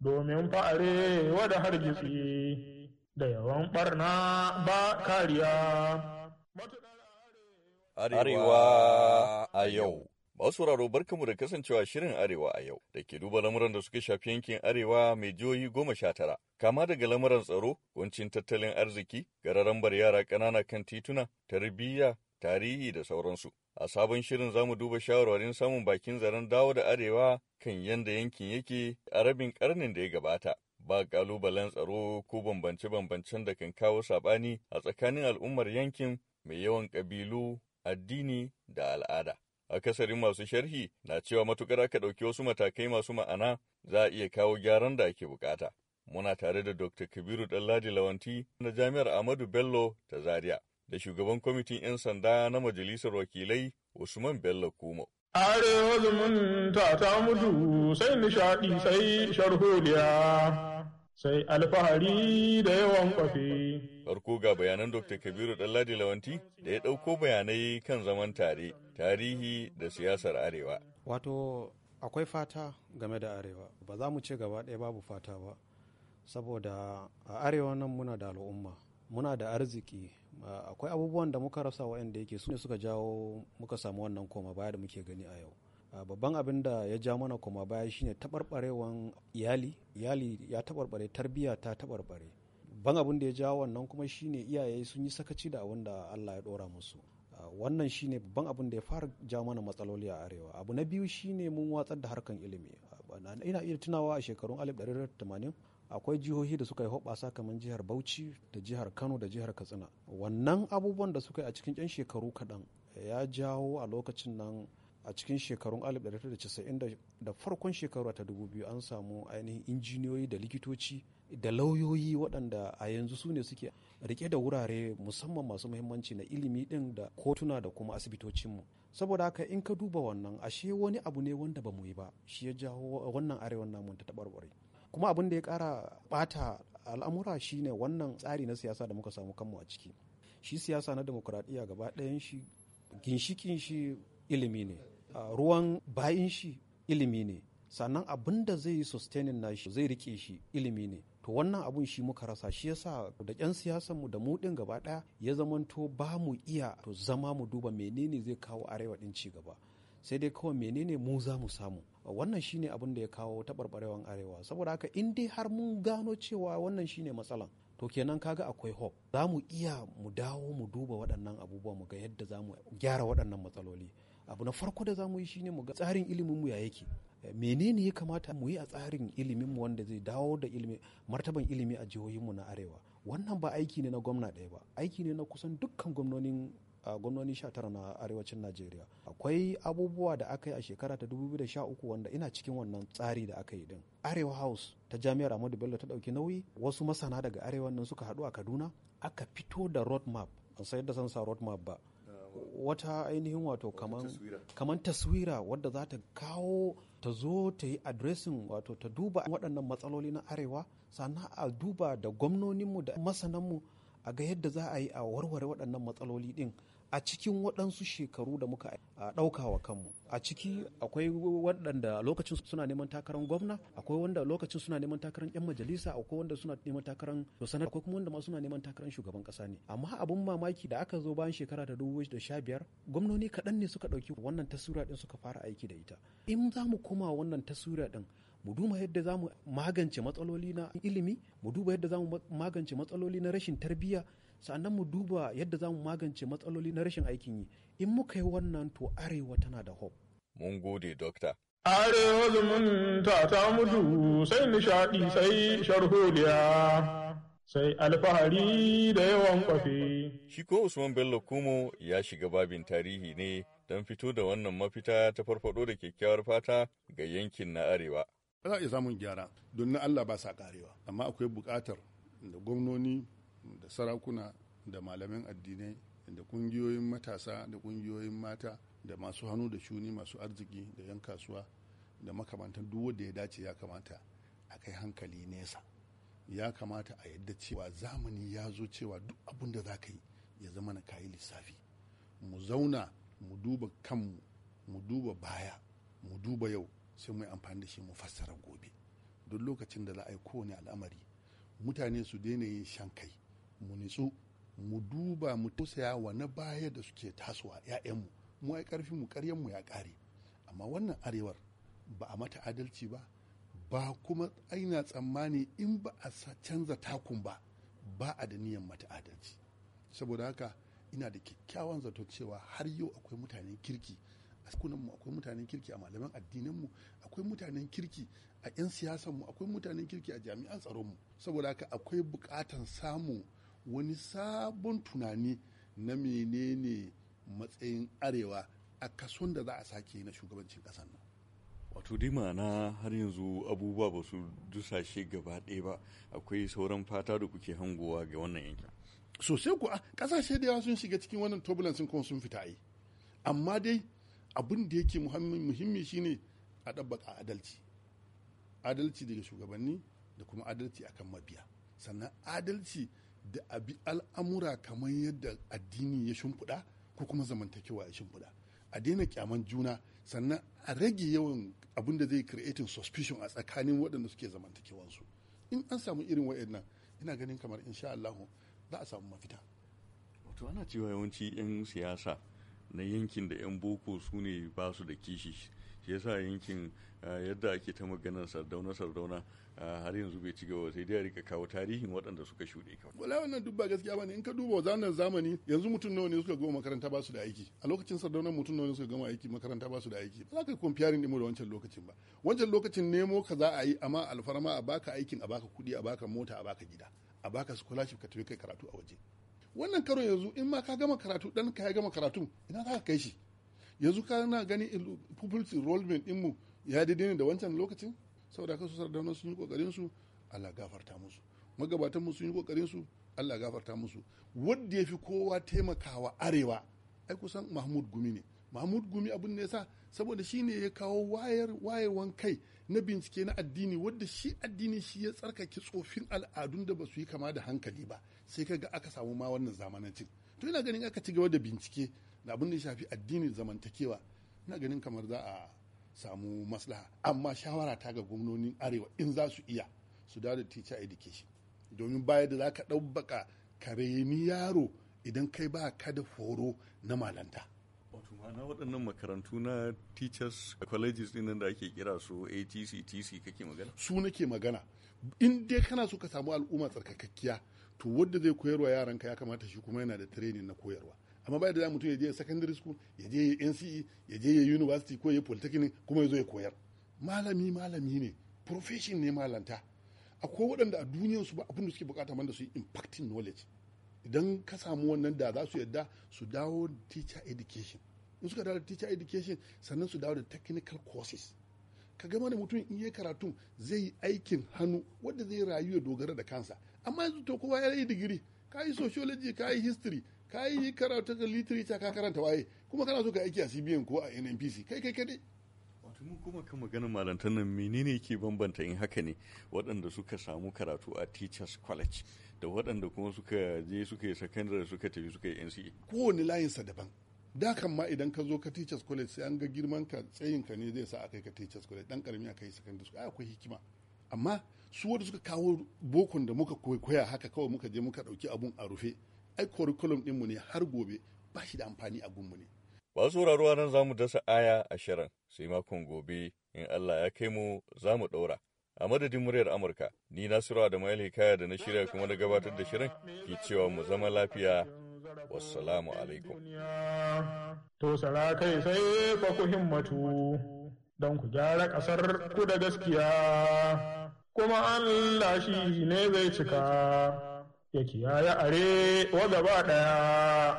domin fa'are wada hargitsi da yawan ɓarna ba kariya. Arewa a yau su raro barkamu da kasancewa shirin Arewa a yau da ke duba lamuran da suka shafi yankin Arewa mai jihohi goma sha tara, kama daga lamuran tsaro, kuncin tattalin arziki, gararambar yara ƙanana kan tituna, tarbiyya, tarihi da sauransu. A sabon shirin za mu duba shawarwarin samun bakin zaren dawo da arewa kan yadda yankin yake a rabin karnin da ya gabata. Ba kalubalen tsaro ko bambance-bambancen da kan kawo saɓani a tsakanin al'ummar yankin mai yawan ƙabilu, addini da al'ada. Akasarin masu sharhi na cewa matukar aka ɗauki wasu matakai masu ma'ana za a iya kawo gyaran da ake bukata. Muna tare da Dr. Kabiru Ɗanladi Lawanti na Jami'ar Amadu Bello ta Zaria. da shugaban kwamitin 'yan sanda na majalisar wakilai Usman Bello kuma Are zumunta ta mutu sai nishaɗi sai sharholiya sai alfahari da yawan kwafi. Farko ga bayanan Dr. Kabiru Ɗanladi Lawanti da ya ɗauko bayanai kan zaman tare, tarihi da siyasar Arewa. Wato akwai fata game da Arewa, ba za mu ce gaba ɗaya babu fata ba, saboda a Arewa nan muna da al'umma, muna da arziki, Ah, akwai abubuwan da muka rasa waɗanda yake su ne suka jawo muka samu wannan koma baya da muke gani a yau ah, babban abin da ya ja mana koma baya shine taɓarɓarewan iyali iyali ya taɓarɓare tarbiyya ta taɓarɓare ban abin da ya ja wannan kuma shine iyaye sun yi sakaci da abin da allah ya ɗora musu ah, wannan shine babban abin da ya fara ja mana matsaloli a arewa abu na biyu shine mun watsar da harkan ilimi hoɓɓasa ina iya tunawa a shekarun 1980 akwai jihohi da suka yi hoɓasa kamar jihar bauchi da jihar kano da jihar katsina wannan abubuwan da suka yi a cikin 'yan shekaru kaɗan ya jawo a lokacin nan a cikin shekarun 1990 da farkon shekaru ta 2000 an samu ainihin injiniyoyi da likitoci da lauyoyi waɗanda a yanzu su ne suke rike da wurare musamman masu muhimmanci na ilimi ɗin da kotuna da kuma asibitocinmu saboda haka in ka duba wannan ashe wani abu ne wanda ba mu yi ba shi ya jawo wannan arewan namun ta taɓarɓare kuma abin da ya ƙara ɓata al'amura shine wannan tsari na siyasa da muka samu kanmu a ciki shi siyasa na demokuraɗiyya gaba ɗayan shi ginshikin shi ilimi ne ruwan bayin shi ilimi ne sannan abin da zai yi sustaining nashi zai rike shi ilimi ne to wannan abun shi muka rasa shi yasa da yan siyasanmu da mu din gaba daya ya zamanto ba mu iya to zama mu duba menene zai kawo arewa din ci gaba sai dai kawai menene mu za mu samu wannan shine abin da ya kawo taɓarɓarewan arewa saboda haka in dai har mun gano cewa wannan shine matsalan to kenan kaga akwai hope za mu iya mu dawo mu duba waɗannan abubuwa mu ga yadda za mu gyara waɗannan matsaloli abu na farko da za mu yi shine mu ga tsarin ilimin mu ya yake menene ya kamata mu yi a tsarin ilimin mu wanda zai dawo da ilimi martaban ilimi a jihohinmu na arewa wannan ba aiki ne na gwamna ɗaya ba aiki ne na kusan dukkan gwamnonin a gwamnoni 19 na arewacin najeriya akwai abubuwa da aka yi a shekara ta 2013 wanda ina cikin wannan tsari da aka yi din arewa house ta jami'ar ahmadu bello ta ɗauki nauyi wasu masana daga arewa nan suka haɗu a kaduna aka fito da road map ban sayar da san sa road map ba wata ainihin wato kaman taswira wadda za ta kawo ta zo ta yi adresin wato ta duba waɗannan matsaloli na arewa sannan a duba da gwamnoninmu da masananmu a ga yadda za a yi a warware waɗannan matsaloli ɗin a cikin waɗansu shekaru da muka ɗauka wa kanmu a ciki akwai waɗanda lokacin suna neman takarar gwamna akwai wanda lokacin suna neman takarar yan majalisa akwai wanda suna neman takarar sanar akwai kuma wanda ma suna neman takarar shugaban ƙasa ne amma abun mamaki da aka zo bayan shekara ta dubu da sha biyar gwamnoni kaɗan ne suka ɗauki wannan taswira ɗin suka fara aiki da ita in za mu koma wannan taswira ɗin mu duba yadda za mu magance matsaloli na ilimi mu duba yadda za mu magance matsaloli na rashin tarbiyya Sannan mu duba yadda za mu magance matsaloli na rashin aikin yi in muka yi wannan to arewa tana da hope mun gode dokta arewa zumunta ta mutu sai nishaɗi sai sharholiya sai alfahari da yawan kwafi Shi ko Usman Bello Kumo ya shiga babin tarihi ne don fito da wannan mafita ta farfado da kyakkyawar fata ga yankin na Arewa. Za a iya samun gyara don na Allah ba sa karewa, amma akwai buƙatar da gwamnoni da sarakuna da malamin addinai da kungiyoyin matasa da kungiyoyin mata da masu hannu da shuni masu arziki da 'yan kasuwa da makamantan duk wanda ya dace ya kamata a kai hankali nesa ya kamata a yadda cewa zamani ya zo cewa duk abin da za ka yi ya zama na kayi lissafi mu zauna mu duba kanmu mu duba baya mu duba yau sai mu yi amfani da shi mu fassara gobe don lokacin da za a yi kowane al'amari mutane su daina yin shan kai mu nitsu mu duba mu tausaya wa na baya da suke tasowa ya'yan mu ai karfin mu karyan mu ya ƙare amma wannan arewar ba a mata adalci ba ba kuma aina tsammani in ba a canza takun ba ba a da niyan mata adalci saboda haka ina da kyakkyawan zato cewa har yau akwai mutanen kirki a mu akwai mutanen kirki a malaman addininmu akwai mutanen kirki a 'yan siyasanmu akwai mutanen kirki a jami'an tsaronmu saboda haka akwai bukatan samu. wani sabon tunani na menene matsayin arewa a kason da za a sake na shugabancin kasan? nan wato dai ma'ana har yanzu abubuwa ba su dusashe gaba ɗaya ba akwai sauran fata da kuke hangowa ga wannan yankin sosai kuwa ƙasashe da yawa sun shiga cikin wannan turbulence kuma sun fita yi amma dai abin da yake muhimmi shine a ɗabbaka adalci adalci daga shugabanni da kuma adalci akan mabiya sannan adalci da a bi al'amura kamar yadda addini ya shimfiɗa ko kuma zamantakewa ya shimfiɗa a daina kyaman juna sannan a rage yawan abin da zai creating suspicion a tsakanin waɗanda suke zamantakewansu in an samu irin wa'annan ina ganin kamar insha Allah za a samu mafita wato ana cewa yawanci 'yan siyasa na yankin da 'yan boko su ne ba su da kishi ke sa yankin yadda ake ta maganar sardauna sardauna har yanzu bai ci gaba sai dai a rika kawo tarihin waɗanda suka shuɗe kawai wala wannan duk ba gaskiya bane in ka duba wannan zamani yanzu mutum nawa ne suka goma makaranta ba su da aiki a lokacin sardauna mutum nawa ne suka gama aiki makaranta ba su da aiki ba za ka comparing ɗin da wancan lokacin ba wancan lokacin nemo ka za a yi amma alfarma a baka aikin a baka kuɗi a baka mota a baka gida a baka scholarship ka tafi kai karatu a waje wannan karo yanzu in ma ka gama karatu dan ka ya gama karatu ina za ka kai shi yanzu na ganin pupils enrollment mu ya daidai ne da wancan lokacin saboda haka su sardauna sun yi kokarin su Allah gafarta musu magabatan mu sun yi kokarin su Allah gafarta musu wanda ya fi kowa taimakawa arewa ai kusan Mahmud Gumi ne Mahmud Gumi abin ne yasa saboda shi ne ya kawo wayar wayewan kai na bincike na addini wadda shi addini shi ya tsarkake tsofin al'adun da ba su yi kama da hankali ba sai kaga aka samu ma wannan zamanancin to ina ganin aka ci gaba da bincike da abin da ya shafi addinin zamantakewa na ganin kamar za a samu maslaha amma shawara ta ga gwamnonin arewa in za su iya su da teacher education domin baya da za ka ɗabbaka kare ni yaro idan kai ba ka da horo na malanta wato ma'ana waɗannan makarantu na teachers colleges ɗin da ake kira su atc tc kake magana su nake magana in dai kana so ka samu al'umma tsarkakakkiya to wadda zai koyarwa yaranka ya kamata shi kuma yana da training na koyarwa amma bai da za mutum ya je secondary school ya je ya NCE ya je ya university ko ya polytechnic kuma ya zo ya koyar malami malami ne profession ne malanta akwai waɗanda a duniyar su ba abin da suke bukata man da su yi impacting knowledge idan ka samu wannan da za su yadda su dawo teacher education in suka dawo teacher education sannan su dawo da technical courses ka gama da mutum in yi karatun zai yi aikin hannu wadda zai rayu ya dogara da kansa amma yanzu to kowa ya yi digiri ka yi sociology ka yi history ka yi karatu da literature ka karanta waye kuma kana so ka aiki a CBN ko a NNPC kai kai kadai wato mu kuma kan maganar malantar nan menene yake bambanta in haka ne waɗanda suka samu karatu a teachers college da waɗanda kuma suka je suka yi secondary suka tafi suka yi NCE kowane layinsa daban da kan ma idan ka zo ka teachers college sai an ga girman ka tsayin ka ne zai sa akai ka teachers college dan karami akai secondary school akwai hikima amma su wanda suka kawo bokon da muka koya haka kawai muka je muka dauki abun a rufe ai curriculum dinmu ne har gobe ba shi da amfani a gunmu ne. Ba raruwa nan za mu dasa aya a ashirin sai makon gobe in Allah ya kai mu za mu ɗaura. A madadin muryar Amurka, ni Nasiru da Maili hikaya da na shirya kuma na gabatar da shirin ke cewa mu zama lafiya. Wassalamu alaikum. To sarakai sai fa ku himmatu don ku gyara ƙasar ku da gaskiya, kuma Allah shi ne zai cika. yake ya yi are wa gaba ɗaya